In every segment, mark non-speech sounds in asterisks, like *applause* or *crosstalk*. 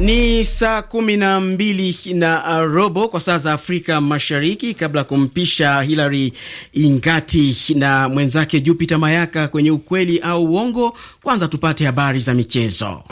Ni saa kumi na mbili na uh, robo kwa saa za Afrika Mashariki, kabla ya kumpisha Hilary Ingati na mwenzake Jupiter Mayaka kwenye ukweli au uongo. Kwanza tupate habari za michezo.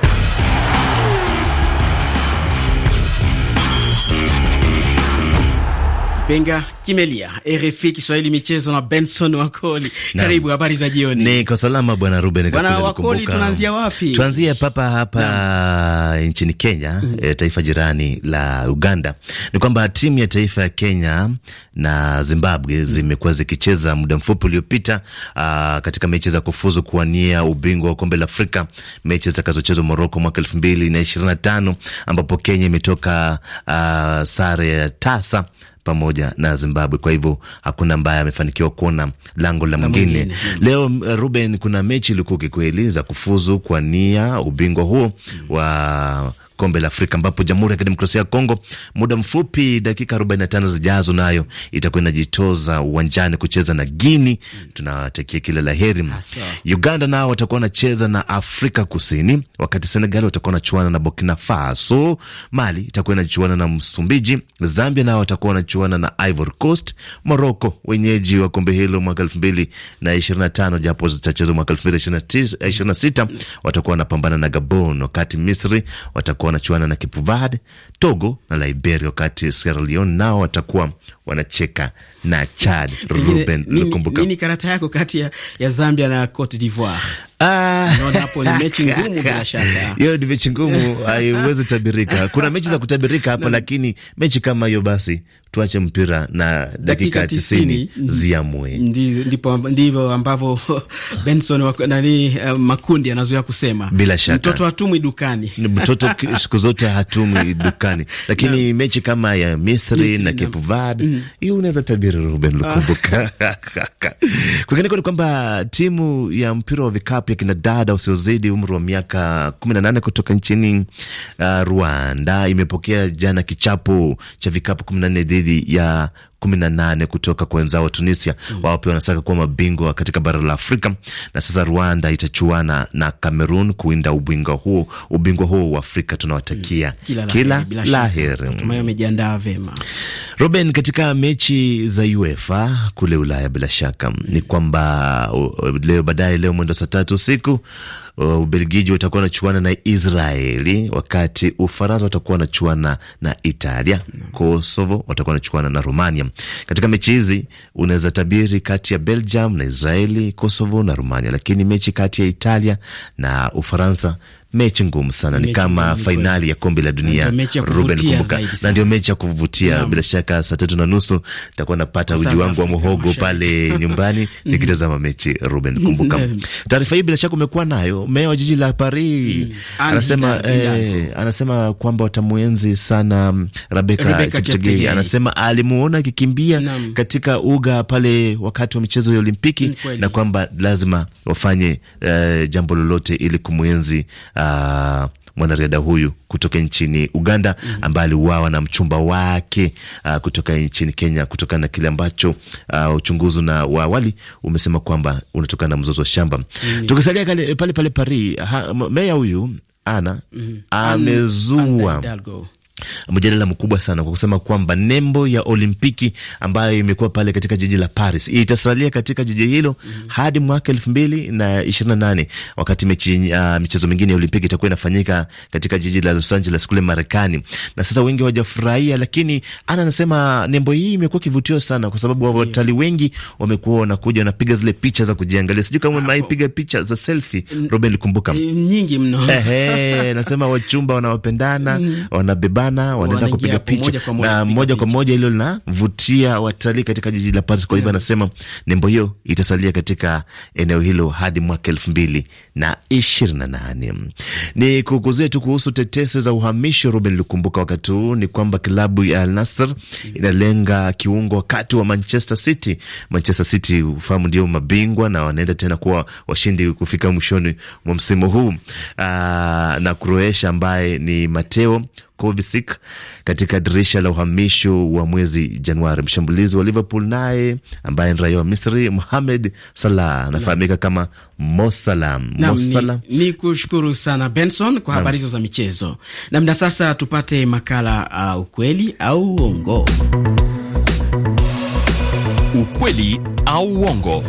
Benga Kimelia, RFI Kiswahili michezo na Benson Wakoli. karibu habari za jioni. Niko salama bwana Ruben. Bwana Wakoli, tunaanzia wapi? Tuanzie papa hapa nchini Kenya mm. E, taifa jirani la Uganda. Ni kwamba timu ya taifa ya Kenya na Zimbabwe mm. zimekuwa zikicheza muda mfupi uliopita ah, katika mechi za kufuzu kuwania ubingwa wa kombe la Afrika, mechi zitakazochezwa Moroko mwaka elfu mbili na na ishirini tano ambapo Kenya imetoka ah, sare ya tasa pamoja na Zimbabwe. Kwa hivyo hakuna ambaye amefanikiwa kuona lango la mwingine. Hmm. Leo Ruben, kuna mechi ilikuwa kikweli za kufuzu kwa nia ubingwa huo hmm. wa kombe la Afrika, ambapo Jamhuri ya Kidemokrasia ya Kongo muda mfupi, dakika 45 zijazo, nayo itakuwa inajitoza uwanjani kucheza na Guini. Tunawatakia kila la heri. Ah, Uganda nao watakuwa wanacheza na Afrika Kusini, wakati Senegal watakuwa wanachuana na Burkina Faso. Mali itakuwa inachuana na Msumbiji. Zambia nao watakuwa wanachuana na Ivory Coast. Morocco wenyeji wa kombe hilo mwaka elfu mbili na ishirini na tano japo zitachezwa mwaka elfu mbili ishirini na sita watakuwa wanapambana na Gabon, wakati Misri watakuwa watakuwa wanachuana na Cape Verde, Togo na Liberia, wakati Sierra Leone nao watakuwa wanacheka na Chad Ruben lukumbuka. Nini karata yako kati ya, ya Zambia na Cote d'Ivoire? Ah. ni mechi *laughs* ngumu Hiyo ni mechi ngumu haiwezi tabirika. *laughs* Kuna mechi za kutabirika lakini mechi kama hiyo basi tuache mpira na dakika 90 ziamue. ndivyo ambavyo *laughs* Benson nani eh, makundi anazoea kusema. Bila shaka. Mtoto hatumwi dukani. Mtoto siku zote hatumwi dukani. Lakini mechi kama ya Misri na Cape Verde mhm hiyo mm. unaweza tabiri Ruben Lukumbuka *laughs* kwingine ni kwamba timu ya mpira wa vikapu ya kina dada usiozidi umri wa miaka kumi na nane kutoka nchini uh, Rwanda imepokea jana kichapo cha vikapu kumi na nne dhidi ya 18 kutoka kwa wenzao wa Tunisia. Mm. Wao pia wanasaka kuwa mabingwa katika bara la Afrika, na sasa Rwanda itachuana na Cameroon kuinda ubingwa huo, ubingwa huo wa Afrika. Tunawatakia mm. kila la heri. Amejiandaa vema Ruben. Katika mechi za UEFA kule Ulaya, bila shaka mm. ni kwamba leo baadaye, leo mwendo saa tatu usiku Uh, Ubelgiji watakuwa wanachuana na Israeli, wakati Ufaransa watakuwa wanachuana na Italia, mm. Kosovo watakuwa wanachuana na Romania. Katika mechi hizi unaweza tabiri kati ya Belgium na Israeli, Kosovo na Romania, lakini mechi kati ya Italia na Ufaransa mechi ngumu sana, ni kama fainali ya kombe la dunia. Ruben, kumbuka, na ndio mechi ya kuvutia bila shaka. Saa tatu na nusu nitakuwa napata uji wangu wa muhogo pale *laughs* nyumbani nikitazama mechi. Ruben, kumbuka taarifa hii bila shaka umekuwa nayo. Meya wa jiji la Paris hmm. anasema eh, anasema kwamba watamwenzi sana mm, Rebecca Cheptegei. Anasema alimuona akikimbia katika uga pale wakati wa michezo ya Olimpiki na kwamba lazima wafanye eh, jambo lolote ili kumwenzi uh, mwanariadha huyu kutoka nchini Uganda mm ambaye aliuawa na mchumba wake uh, kutoka nchini Kenya kutokana na kile ambacho uh, uchunguzi na wa awali umesema kwamba unatokana na mzozo wa shamba. mm Tukisalia pale pale Paris, meya huyu ana mm amezua mjadala mkubwa sana kwa kusema kwamba nembo ya Olimpiki ambayo imekuwa pale katika jiji la Paris itasalia katika jiji hilo mm -hmm. hadi mwaka elfu mbili na ishirini na nane wakati mechi, uh, michezo mingine ya Olimpiki itakuwa inafanyika katika jiji la Los Angeles kule Marekani. Na sasa wengi wajafurahia, lakini ana anasema nembo hii imekuwa kivutio sana kwa sababu watalii yeah. wengi wamekuwa wanakuja wanapiga zile picha za kujiangalia. Sijui kama maipiga picha za selfie Robert, kumbuka nyingi mno. Ehe, nasema wachumba wanawapendana *laughs* mm. wanabeba sana, wanaenda kupiga picha na moja kwa moja, hilo linavutia watalii katika jiji la Paris. Kwa hivyo anasema nembo hiyo itasalia katika eneo hilo hadi mwaka elfu mbili na ishirini na nane. Ni kukuzie tu kuhusu tetesi za uhamisho, Ruben Lukumbuka, wakati huu ni kwamba klabu ya Al Nassr inalenga kiungo wakati wa Manchester City. Manchester City ufahamu ndio mabingwa na wanaenda tena kuwa washindi kufika mwishoni mwa msimu huu. Aa, ah, na Croatia ambaye ni Mateo Kovisik katika dirisha la uhamisho wa mwezi Januari. Mshambulizi wa Liverpool naye ambaye ni raia wa Misri muhamed Salah anafahamika kama mosalamni Ni, ni kushukuru sana Benson kwa habari hizo za michezo namna. Sasa tupate makala uh, ukweli au uongo. Ukweli au uongo.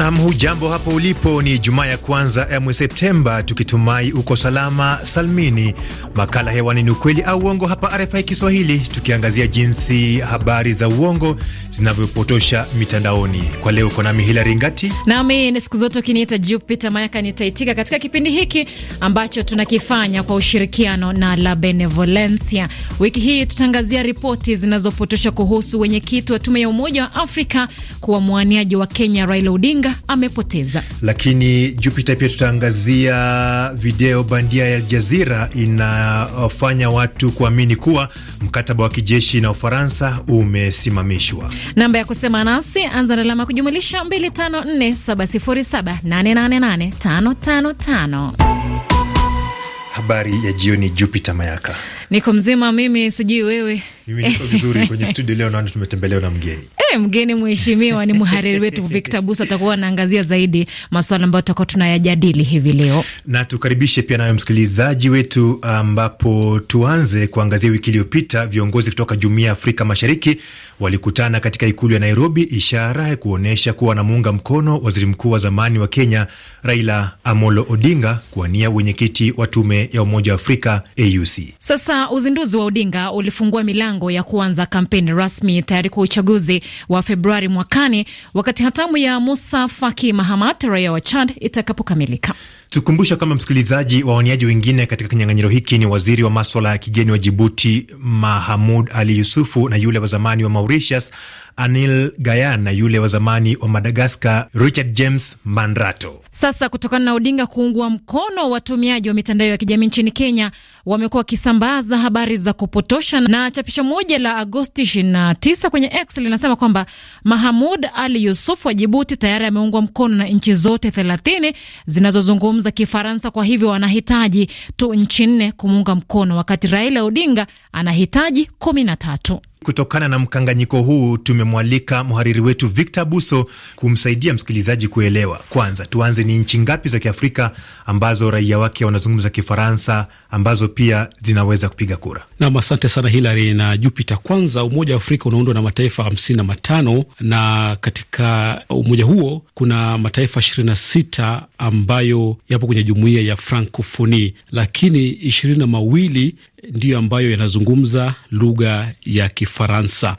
Nam, hujambo hapo ulipo? Ni Jumaa ya kwanza ya mwezi Septemba, tukitumai uko salama salmini. Makala hewani ni ukweli au uongo, hapa RFI Kiswahili, tukiangazia jinsi habari za uongo zinavyopotosha mitandaoni. Kwa leo uko nami Hilari Ngati, nami ni siku zote ukiniita Jupiter Mayaka nitaitika, katika kipindi hiki ambacho tunakifanya kwa ushirikiano na La Benevolencia. Wiki hii tutaangazia ripoti zinazopotosha kuhusu wenyekiti wa tume ya Umoja wa Afrika kuwa mwaniaji wa Kenya Raila Odinga amepoteza. Lakini Jupiter pia tutaangazia video bandia ya Aljazira inafanya watu kuamini kuwa mkataba wa kijeshi na Ufaransa umesimamishwa. Namba ya kusema nasi anza na alama kujumulisha 254707888555. Habari ya jioni, Jupiter Mayaka. Niko mzima mimi, sijui wewe. Mimi niko vizuri kwenye *laughs* studio leo, naona tumetembelewa na mgeni e, mgeni mheshimiwa ni mhariri *laughs* wetu Victor Busa, atakuwa anaangazia zaidi masuala ambayo tutakuwa tunayajadili hivi leo, na tukaribishe pia nayo msikilizaji wetu, ambapo tuanze kuangazia wiki iliyopita viongozi kutoka Jumuiya ya Afrika Mashariki walikutana katika ikulu ya Nairobi, ishara ya kuonyesha kuwa wanamuunga mkono waziri mkuu wa zamani wa Kenya Raila Amolo Odinga kuwania wenyekiti wa tume ya Umoja wa Afrika AUC. Sasa uzinduzi wa Odinga ulifungua milango ya kuanza kampeni rasmi tayari kwa uchaguzi wa Februari mwakani, wakati hatamu ya Musa Faki Mahamat, raia wa Chad, itakapokamilika. Tukumbusha kama msikilizaji, waoniaji wengine katika kinyang'anyiro hiki ni waziri wa maswala ya kigeni wa Jibuti Mahamud Ali Yusufu na yule wa zamani wa Mauritius Anil Gayan na yule wa zamani wa Madagaskar Richard James Mandrato. Sasa kutokana na Odinga kuungwa mkono watumiaji wa mitandao ya kijamii nchini Kenya, wamekuwa wakisambaza habari za kupotosha, na chapisho moja la Agosti 29 kwenye X linasema kwamba Mahamud Ali Yusuf wa Jibuti tayari ameungwa mkono na nchi zote thelathini zinazozungumza Kifaransa. Kwa hivyo wanahitaji tu nchi nne kumuunga mkono, wakati Raila Odinga anahitaji kumi na tatu. Kutokana na mkanganyiko huu tumemwalika mhariri wetu Victor Buso kumsaidia msikilizaji kuelewa. Kwanza tuanze, ni nchi ngapi za Kiafrika ambazo raia wake wanazungumza Kifaransa ambazo pia zinaweza kupiga kura. Nam, asante sana Hilary na Jupiter. Kwanza, Umoja wa Afrika unaundwa na mataifa hamsini na matano na katika umoja huo kuna mataifa ishirini na sita ambayo yapo kwenye jumuiya ya Francofoni, lakini ishirini na mawili ndiyo ambayo yanazungumza lugha ya Kifaransa.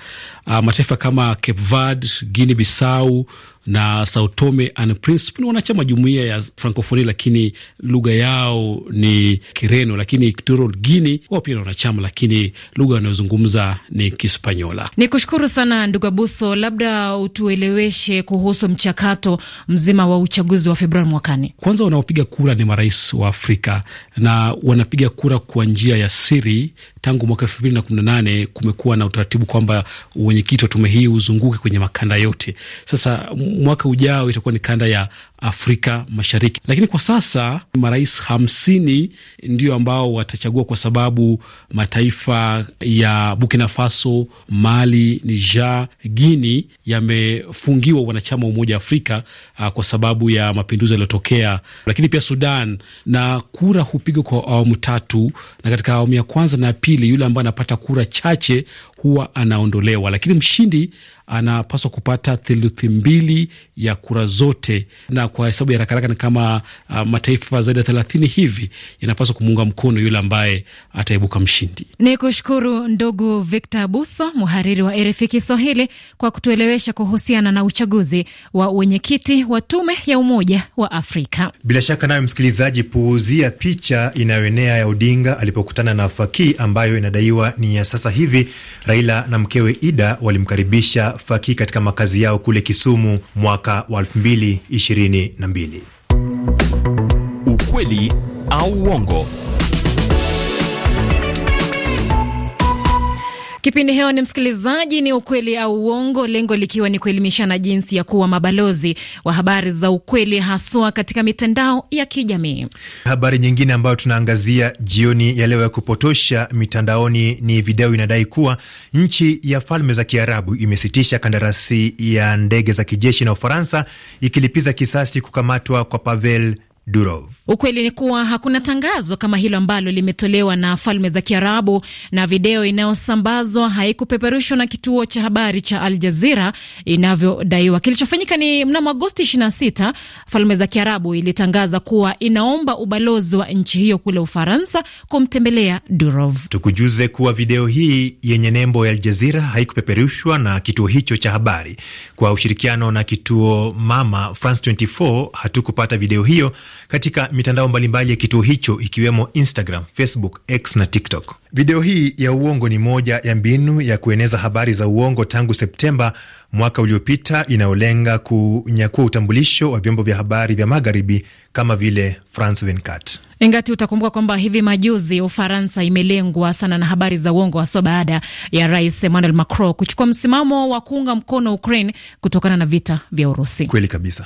Uh, mataifa kama Cape Verde, Guinea Bissau, na Sao Tome and Principe ni wanachama jumuia ya Francophonie, lakini lugha yao ni Kireno. Lakini Equatorial Guinea wao pia ni wanachama, lakini lugha wanayozungumza ni Kispanyola. Ni kushukuru sana ndugu Abuso, labda utueleweshe kuhusu mchakato mzima wa uchaguzi wa Februari mwakani. Kwanza wanaopiga kura ni marais wa Afrika na wanapiga kura kwa njia ya siri tangu mwaka elfu mbili na kumi na nane kumekuwa na utaratibu kwamba wenyekiti wa tume hii huzunguke kwenye makanda yote. Sasa mwaka ujao itakuwa ni kanda ya Afrika Mashariki. Lakini kwa sasa marais hamsini ndio ambao watachagua, kwa sababu mataifa ya Burkina Faso, Mali, Niger, Guini yamefungiwa wanachama wa Umoja wa Afrika a, ah, kwa sababu ya mapinduzi yaliyotokea. Lakini pia Sudan, na kura hupigwa kwa awamu tatu, na katika awamu ya kwanza na ya pili yule ambaye anapata kura chache huwa anaondolewa, lakini mshindi anapaswa kupata theluthi mbili ya kura zote, na kwa hesabu ya rakaraka ni kama uh, mataifa zaidi ya thelathini hivi yanapaswa kumuunga mkono yule ambaye ataibuka mshindi. Ni kushukuru ndugu Victor Buso, mhariri wa RFI Kiswahili, kwa kutuelewesha kuhusiana na uchaguzi wa wenyekiti wa tume ya Umoja wa Afrika. Bila shaka nayo msikilizaji, puuzia picha inayoenea ya Odinga alipokutana na Faki ambayo inadaiwa ni ya sasa hivi. Raila na mkewe Ida walimkaribisha faki katika makazi yao kule Kisumu mwaka wa 2022. Ukweli au uongo Kipindi hewa ni msikilizaji, ni ukweli au uongo, lengo likiwa ni kuelimishana jinsi ya kuwa mabalozi wa habari za ukweli, haswa katika mitandao ya kijamii. Habari nyingine ambayo tunaangazia jioni ya leo ya kupotosha mitandaoni ni video inadai kuwa nchi ya Falme za Kiarabu imesitisha kandarasi ya ndege za kijeshi na Ufaransa ikilipiza kisasi kukamatwa kwa Pavel Durov. Ukweli ni kuwa hakuna tangazo kama hilo ambalo limetolewa na Falme za Kiarabu na video inayosambazwa haikupeperushwa na kituo cha habari cha Al Jazeera inavyodaiwa. Kilichofanyika ni mnamo Agosti 26, Falme za Kiarabu ilitangaza kuwa inaomba ubalozi wa nchi hiyo kule Ufaransa kumtembelea Durov. Tukujuze kuwa video hii yenye nembo ya Al Jazeera haikupeperushwa na kituo hicho cha habari. Kwa ushirikiano na kituo mama France 24 hatukupata video hiyo katika mitandao mbalimbali ya kituo hicho ikiwemo Instagram, Facebook, X na TikTok. Video hii ya uongo ni moja ya mbinu ya kueneza habari za uongo tangu Septemba mwaka uliopita, inayolenga kunyakua utambulisho wa vyombo vya habari vya magharibi kama vile France 24. Ingati utakumbuka kwamba hivi majuzi Ufaransa imelengwa sana na habari za uongo, haswa baada ya Rais Emmanuel Macron kuchukua msimamo wa kuunga mkono Ukraine kutokana na vita vya Urusi. Kweli kabisa.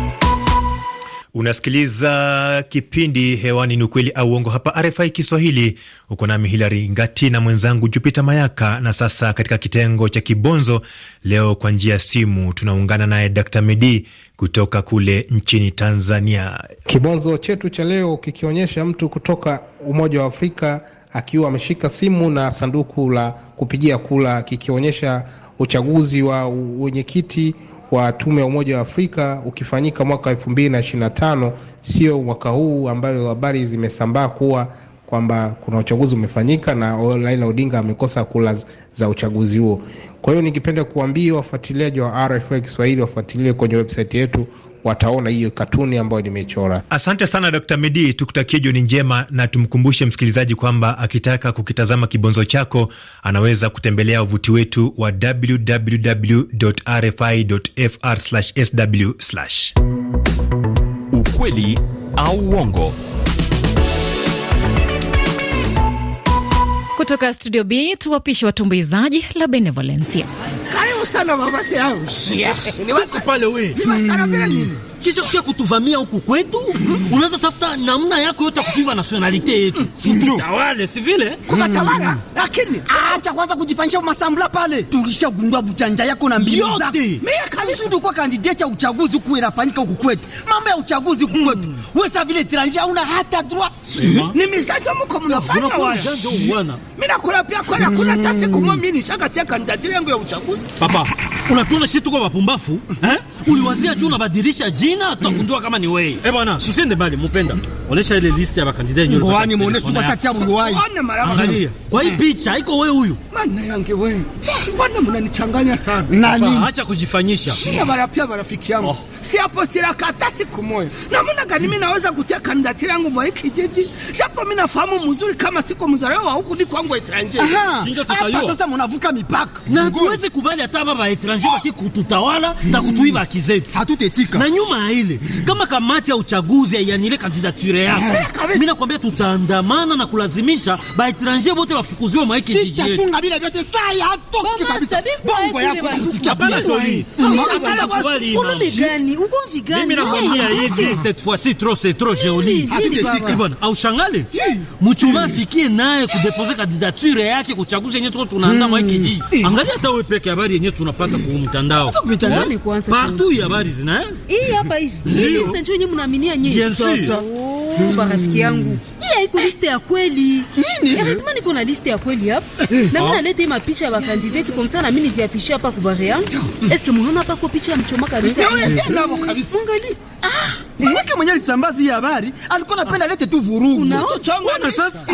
Unasikiliza kipindi hewani ni ukweli au uongo hapa RFI Kiswahili. Uko nami Hilari Ngati na mwenzangu Jupita Mayaka. Na sasa katika kitengo cha Kibonzo leo kwa njia ya simu tunaungana naye Dr Medi kutoka kule nchini Tanzania. Kibonzo chetu cha leo kikionyesha mtu kutoka Umoja wa Afrika akiwa ameshika simu na sanduku la kupigia kula kikionyesha uchaguzi wa wenyekiti wa tume ya Umoja wa Afrika ukifanyika mwaka 2025, sio mwaka huu ambayo habari zimesambaa kuwa kwamba kuna uchaguzi umefanyika na Raila Odinga amekosa kula za uchaguzi huo. Kwa hiyo ningependa kuambia wafuatiliaji wa RFI Kiswahili wafuatilie kwenye website yetu wataona hiyo katuni ambayo nimechora. Asante sana Dr. Medi, tukutakie jioni njema, na tumkumbushe msikilizaji kwamba akitaka kukitazama kibonzo chako anaweza kutembelea wavuti wetu wa www.rfi.fr/sw. Ukweli au uongo Kutoka studio B tuwapishe watumbuizaji la Benevolencia. Karibu sana mama Seau. Ni watu pale wewe. Ni wasara vile nini? kisha kia kutuvamia huku kwetu, unaweza tafuta namna yako yote kukiba nationalite yetu, sitawale si vile kuna hmm. tawala. Lakini acha kwanza kujifanyisha masambla pale, tulishagundua butanja yako na mbinu zako. Mimi kabisa ndio kwa kandidate ya uchaguzi huku inafanyika huku kwetu, mambo ya uchaguzi huku kwetu, hmm. wewe sasa vile tiranja una hata droit. Ni misaje mko mnafanya wana mimi nakula pia kwa kuna tasi kumwa mimi nishakatia kandidate yangu ya uchaguzi papa Unatuona sisi tuko wapumbafu eh? Uliwazia juu unabadilisha jina, tutakundua kama ni wewe. Eh bwana, usiende bali mpenda. Onesha ile list ya wakandidai nyinyi. Ngoani muoneshe tu kati ya ngoani. Angalia. Kwa hii eh. picha iko wewe huyu. Maana yangu wewe. Bwana mnanichanganya sana. Nani? Acha kujifanyisha. Sina pia marafiki yangu. Oh. Si hapo stira kata siku moja. Na mbona gani mimi naweza kutia kandidati yangu mwa hiki jiji Japo mimi nafahamu mzuri kama siko mzalao wa huku ni kwangu etranger. Sasa mnavuka mipaka. Na tuweze kubali hata baba etranger proje baki kututawala na kutuiba haki zetu, hatutetika. Na nyuma ya ile, kama kamati ya uchaguzi haianile kandidature yako, eh, mimi nakwambia tutaandamana na kulazimisha ba étranger wote wafukuziwe mwa hiki jiji yetu. Mimi nakwambia hivi, cette fois ci trop c'est trop, joli. Jeoni bwana, shangale. mchuma fikie naye kudeposer kandidature yake kuchaguzi yenyewe tunaandaa mwa hiki hmm. jiji. Angalia hata wewe peke habari yenyewe tunapata mtandao partout ya habari zina eh? hii hapa hivi list ndio nyinyi mnaaminia nyinyi. Sasa mba rafiki yangu hii haiko list ya kweli nini? Lazima eh, niko na list ya kweli hapa, eh. na mimi oh. naleta mapicha ya candidate kwa msana, mimi niziafishia hapa kwa bare yangu. Est-ce que mnaona hapa kwa picha ya mchoma kabisa? Mwangalie ah Mweke mwenye alisambazi hii habari alikuwa anapenda lete tu vurugu. Unaona sasa?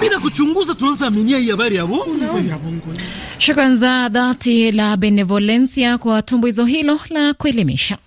Bila ah. kuchunguza tunaanza aminia hii habari ya bongo. Shukran za dhati la Benevolencia kwa tumbuizo hilo la kuelimisha.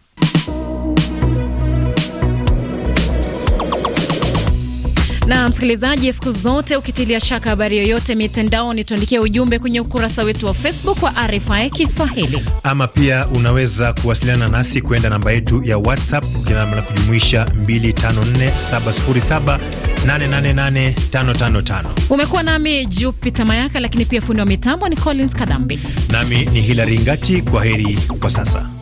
na msikilizaji, siku zote ukitilia shaka habari yoyote mitandaoni, tuandikia ujumbe kwenye ukurasa wetu wa Facebook wa RFI Kiswahili, ama pia unaweza kuwasiliana nasi kuenda namba yetu ya WhatsApp ukinamna kujumuisha 254707 88855. Umekuwa nami Jupita Mayaka, lakini pia fundi wa mitambo ni Collins Kadhambi, nami ni Hilari Ngati. Kwa heri kwa sasa.